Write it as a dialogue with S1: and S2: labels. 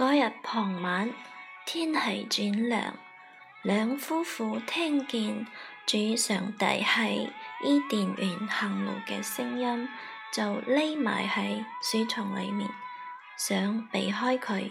S1: 嗰日傍晚，天氣轉涼，兩夫婦聽見主上帝喺伊甸園行路嘅聲音，就匿埋喺樹叢裡面，想避開佢。